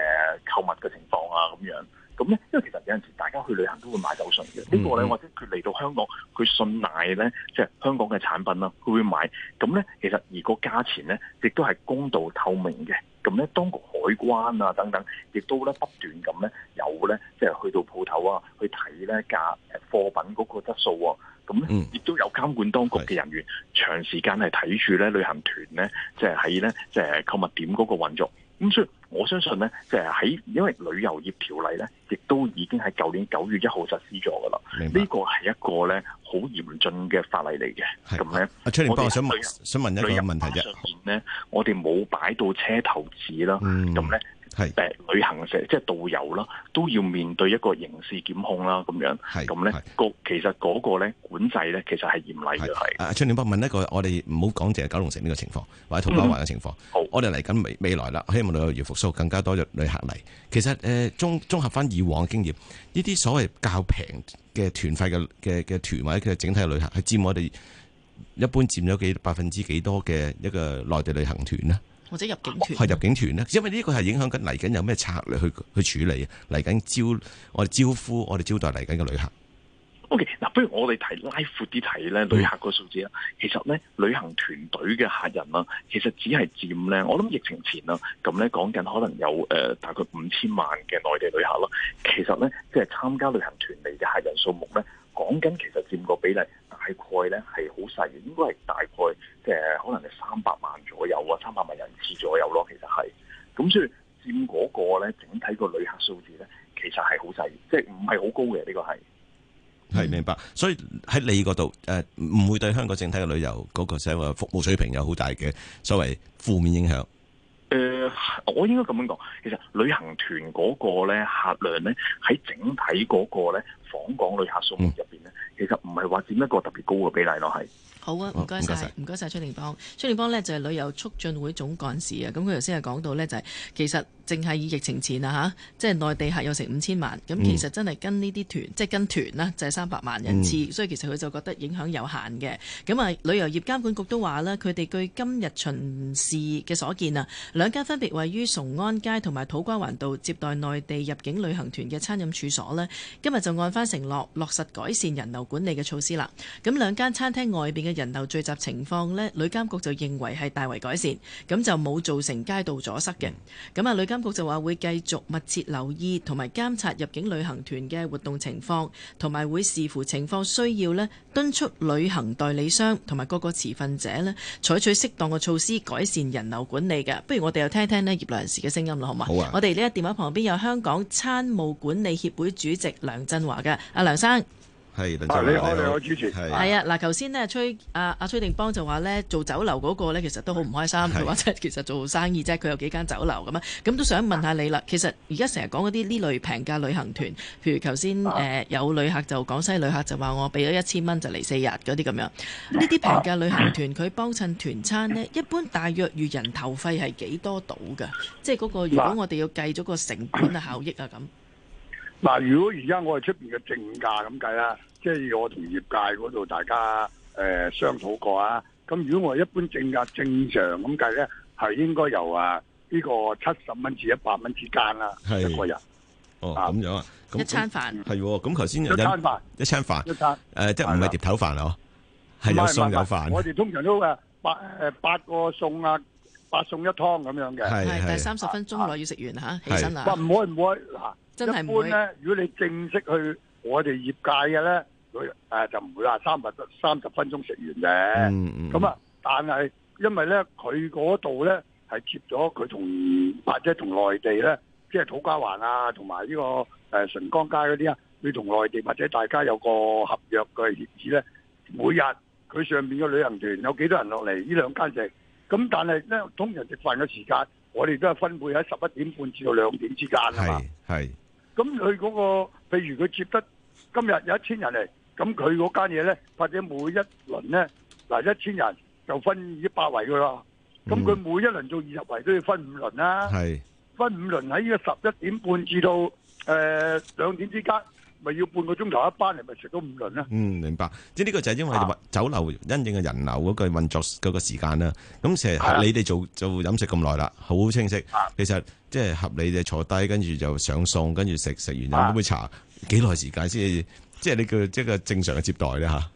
購物嘅情況啊咁樣。咁咧，因為其實有陣時大家去旅行都會買手信嘅。呢個咧，或者佢嚟到香港，佢信賴咧，即係香港嘅產品啦，佢會買。咁咧，其實而個價錢咧，亦都係公道透明嘅。咁咧，當局海關啊等等，亦都咧不斷咁咧，有咧，即係去到鋪頭啊，去睇咧價貨品嗰個質素喎。咁咧，亦都有監管當局嘅人員長時間係睇住咧旅行團咧，即係喺咧即係購物點嗰個運作。咁所以我相信咧，就係喺因為旅遊業條例咧，亦都已經喺舊年九月一號實施咗噶啦。呢個係一個咧好嚴峻嘅法例嚟嘅，咁咧的。阿崔定邦想問，想問一個問題啫。上面咧，我哋冇擺到車頭紙啦，咁咧、嗯。係誒是、呃，旅行社即係導遊啦，都要面對一個刑事檢控啦，咁樣。係咁咧，那個是其實嗰個咧管制咧，其實係嚴厲嘅。係啊，定邦問一個，我哋唔好講淨係九龍城呢個情況，或者銅鑼灣嘅情況、嗯。好，我哋嚟緊未未來啦，希望旅遊業復蘇，更加多嘅旅客嚟。其實誒，綜、呃、綜合翻以往嘅經驗，呢啲所謂較平嘅團費嘅嘅嘅團或者佢整體嘅旅客，係佔我哋一般佔咗幾百分之幾多嘅一個內地旅行團呢？或者入境團係入境團咧，因為呢個係影響緊，嚟緊有咩策略去去處理啊，嚟緊招我哋招呼我哋招待嚟緊嘅旅客。OK，嗱，不如我哋提拉闊啲睇咧，旅客個數字啦。嗯、其實咧，旅行團隊嘅客人啦，其實只係佔咧。我諗疫情前啦，咁咧講緊可能有誒、呃、大概五千萬嘅內地旅客咯。其實咧，即係參加旅行團嚟嘅客人數目咧。講緊其實佔個比例大概咧係好細嘅，應該係大概即係、就是、可能係三百萬左右啊，三百萬人次左右咯。其實係咁，所以佔嗰個咧整體個旅客數字咧，其實係好細，即係唔係好高嘅呢、這個係。係明白，所以喺你嗰度誒，唔、呃、會對香港整體嘅旅遊嗰個所謂服務水平有好大嘅所謂負面影響。誒、呃，我應該咁樣講，其實旅行團嗰個咧客量咧喺整體嗰個咧。港港旅客數目入邊呢，其實唔係話佔一個特別高嘅比例咯，係。好啊，唔該晒，唔該晒。崔定邦。崔定邦呢，就係旅遊促進會總幹事啊。咁佢頭先係講到呢、就是，就係其實淨係以疫情前啊嚇，即係內地客有成五千萬。咁其實真係跟呢啲團，嗯、即係跟團啦，就係三百萬人次。嗯、所以其實佢就覺得影響有限嘅。咁啊，旅遊業監管局都話呢，佢哋據今日巡視嘅所見啊，兩間分別位於崇安街同埋土瓜灣道接待內地入境旅行團嘅餐飲處所呢，今日就按翻承諾落，落實改善人流管理嘅措施啦。咁兩間餐廳外邊嘅人流聚集情況咧，旅監局就認為係大為改善，咁就冇造成街道阻塞嘅。咁啊，旅監局就話會繼續密切留意同埋監察入境旅行團嘅活動情況，同埋會視乎情況需要咧，敦促旅行代理商同埋各個持份者咧，採取適當嘅措施改善人流管理嘅。不如我哋又聽聽咧業內人士嘅聲音啦，好嘛？好啊。我哋呢一電話旁邊有香港餐務管理協會主席梁振華嘅。阿梁生，係，你好，你好，你好，主持人，係是是啊，嗱，頭先咧，崔阿阿崔定邦就話呢，做酒樓嗰個呢，其實都好唔開心，佢話即其實做生意啫，佢有幾間酒樓咁啊，咁都想問下你啦。其實而家成日講嗰啲呢類平價旅行團，譬如頭先誒有旅客就廣西旅客就話我俾咗一千蚊就嚟四日嗰啲咁樣，呢啲平價旅行團佢幫襯團餐呢，一般大約預人頭費係幾多到噶？即係嗰、嗰個，如果我哋要計咗個成本啊、效益啊咁。 (coughs) 嗱，如果而家我哋出邊嘅正價咁計啦，即係我同業界嗰度大家誒商討過啊。咁如果我一般正價正常咁計咧，係應該由啊呢個七十蚊至一百蚊之間啦，係一個人。哦，咁樣啊，一餐飯係。咁頭先一餐飯，一餐飯，誒，即係唔係碟頭飯嗬？係有餸有飯。我哋通常都八誒八個餸啊，八餸一湯，咁樣嘅。係係。但係三十分鐘內要食完吓，起身啦。唔好唔好，嗱。真一般咧，如果你正式去我哋業界嘅咧，佢誒就唔會話三百三十分鐘食完啫。咁啊、嗯，嗯、但係因為咧，佢嗰度咧係接咗佢同或者同內地咧，即係土瓜環啊，同埋呢個誒順、呃、江街嗰啲啊，佢同內地或者大家有個合約嘅協議咧，每日佢上邊嘅旅行團有幾多人落嚟？呢兩間食。咁，但係咧通常食飯嘅時間，我哋都係分配喺十一點半至到兩點之間啊嘛。是吧咁佢嗰個，譬如佢接得今日有一千人嚟，咁佢嗰間嘢咧，或者每一輪咧，嗱一千人就分二百圍噶啦，咁佢每一輪做二十圍都要分五輪啦，係分五輪喺呢個十一點半至到誒兩點之間。咪要半個鐘頭一班你咪食咗五輪咧？嗯，明白。即係呢個就係因為酒樓、啊、因應嘅人流嗰個運作嗰個時間啦。咁成日你哋做做飲食咁耐啦，好清晰。啊、其實即係合理嘅坐低，跟住就上餸，跟住食食完飲杯茶，幾耐、啊、時間先即係你叫即係正常嘅接待咧嚇？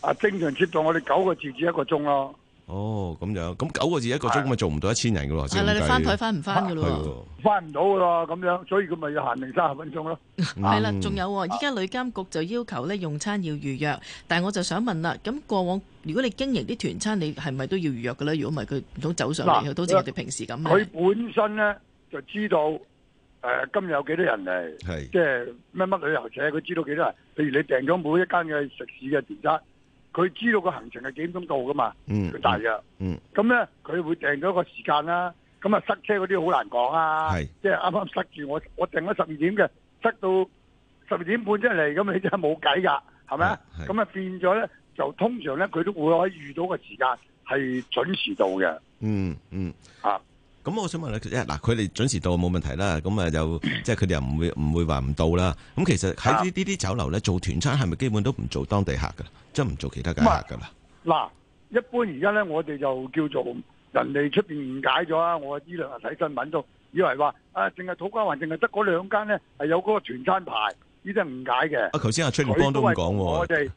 啊，正常接待我哋九個字至一個鐘咯。哦，咁樣，咁九個字一個鐘咪做唔到一千人噶喎？係啦，你翻台翻唔翻噶咯？翻唔到噶咯，咁樣，所以佢咪要限定三十分鐘咯。係啦，仲有，依家旅監局就要求咧用餐要預約，但係我就想問啦，咁過往如果你經營啲團餐，你係咪都要預約噶咧？如果唔係，佢唔通走上嚟，好似我哋平時咁。佢本身咧就知道，誒，今日有幾多人嚟，即係乜乜旅遊者，佢知道幾多人。譬如你訂咗每一間嘅食肆嘅團餐。佢知道個行程係幾點鐘到噶嘛？嗯，佢大約嗯，咁咧佢會訂咗個時間啦。咁啊塞車嗰啲好難講啊，是即係啱啱塞住我，我訂咗十二點嘅，塞到十二點半出嚟，咁你真係冇計噶，係咪啊？咁啊變咗咧，就通常咧佢都會可以預到個時間係準時到嘅。嗯。嗯嗯啊。咁我想問咧，嗱佢哋準時到冇問題啦，咁啊即係佢哋又唔會唔會話唔到啦。咁其實喺呢啲啲酒樓咧做團餐係咪基本都唔做當地客噶，即係唔做其他嘅客噶啦？嗱，一般而家咧，我哋就叫做人哋出面誤解咗啊！我呢兩日睇新聞都以為話啊，淨係土瓜灣淨係得嗰兩間咧係有嗰個團餐牌，呢啲係誤解嘅。啊，頭先阿崔定邦都咁講喎。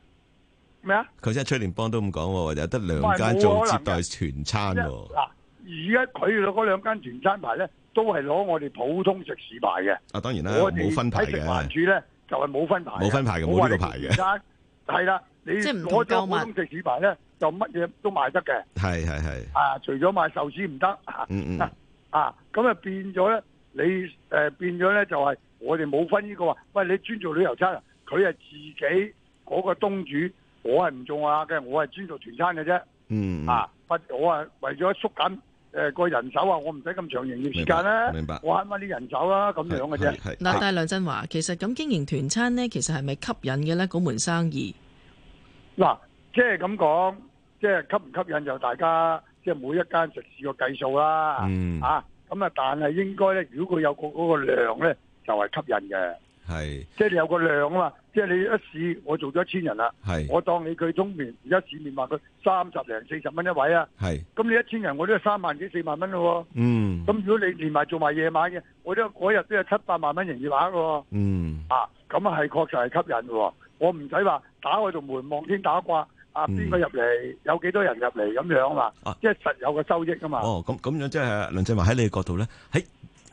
咩啊？頭先阿崔定邦都咁講喎，有得兩間做接待團餐喎。而家佢嘅嗰兩間全餐牌咧，都係攞我哋普通食肆牌嘅。啊，當然啦，我冇分牌嘅。館主咧就係冇分牌，冇分牌嘅冇呢個牌嘅。全餐係啦，你攞咗普通食肆牌咧，就乜嘢都賣得嘅。係係係。啊，除咗賣壽司唔得吓。嗯嗯。啊，咁啊變咗咧，你誒、呃、變咗咧就係我哋冇分呢、呢個。喂，你專做旅遊餐，佢係自己嗰個東主，我係唔做啊嘅。我係專做全餐嘅啫。嗯。啊，不、嗯啊，我係、啊、為咗縮緊。誒，個人手啊，我唔使咁長營業時間啦，明白，我慳翻啲人手啦，咁樣嘅啫。嗱，梁振華，其實咁經營團餐咧，其實係咪吸引嘅咧？嗰門生意，嗱，即係咁講，即係吸唔吸引就大家即係每一間食肆個計數啦。嗯，啊，咁啊，但係應該咧，如果佢有個嗰個量咧，就係吸引嘅。係，是即係你有個量啊嘛，即係你一試，我做咗一千人啦，是我當你佢中年，而家市面話佢三十零四十蚊一位啊，咁是你一千人我都係三萬幾四萬蚊咯。哦、咁，嗯、如果你連埋做埋夜晚嘅，我都嗰日都有七八萬蚊人玩，哦。營業額噶，啊，咁係確實係吸引喎。我唔使話打開個門望天打卦，啊，邊個入嚟，有幾多人入嚟咁樣啦，即係實有個收益啊嘛。哦，咁咁樣即係梁振華喺你角度咧，喺。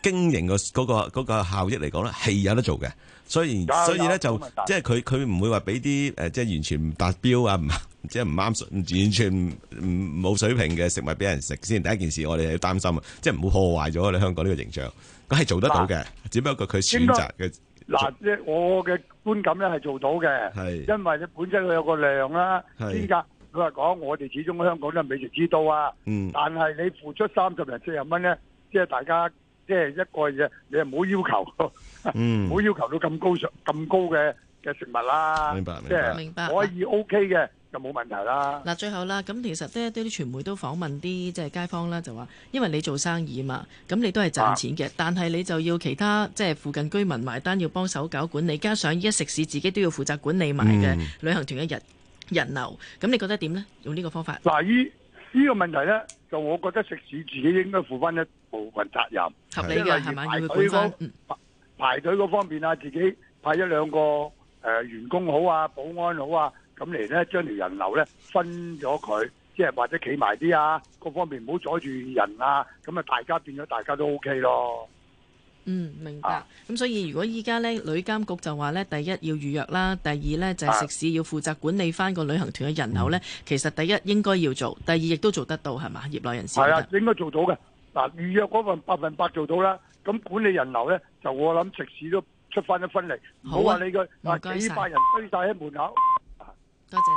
經營個嗰個嗰個效益嚟講咧，係有得做嘅，所以所以咧就即係佢佢唔會話俾啲誒即係完全唔達標啊，唔即係唔啱，完全唔冇水平嘅食物俾人食先。第一件事我哋係要擔心，即係唔會破壞咗我哋香港呢個形象。咁係做得到嘅，只不過佢選擇嘅嗱，即係我嘅觀感咧係做到嘅，係因為咧本身佢有個量啦，依家佢話講，我哋始終香港都係美食之都啊，嗯，但係你付出三十零四十蚊咧，即係大家。即係一個嘢，你又唔好要求，唔好、嗯、 (laughs) 要，要求到咁高咁高嘅嘅食物啦。明白，明白。可以 OK 嘅白就冇問題啦。嗱、啊，最後啦，咁其實啲啲傳媒都訪問啲即係街坊啦，就話，因為你做生意嘛，咁你都係賺錢嘅，啊、但係你就要其他即係、即係、附近居民埋單，要幫手搞管理，加上依家食肆自己都要負責管理埋嘅旅行團嘅人、嗯、人流，咁你覺得點呢？用呢個方法。嗱，依呢個問題呢，就我覺得食肆自己應該負翻一部分責任，合理嘅排隊嗰排隊方面啊，自己派一兩個誒員工好啊，保安好啊，咁嚟呢將條人流呢分咗佢，即係或者企埋啲啊，各方面唔好阻住人啊，咁啊大家變咗大家都 OK 咯。嗯，明白。咁、啊嗯、所以如果依家咧，旅監局就話咧，第一要預約啦，第二咧就係食肆要負責管理翻個旅行團嘅人流咧。啊、其實第一應該要做，第二亦都做得到係嘛？業內人士覺得係啊，應該做到嘅。嗱，預約嗰份百分百做到啦。咁管理人流咧，就我諗食肆都出翻一分力，好啊，你個嗱幾百人堆晒喺門口。多謝。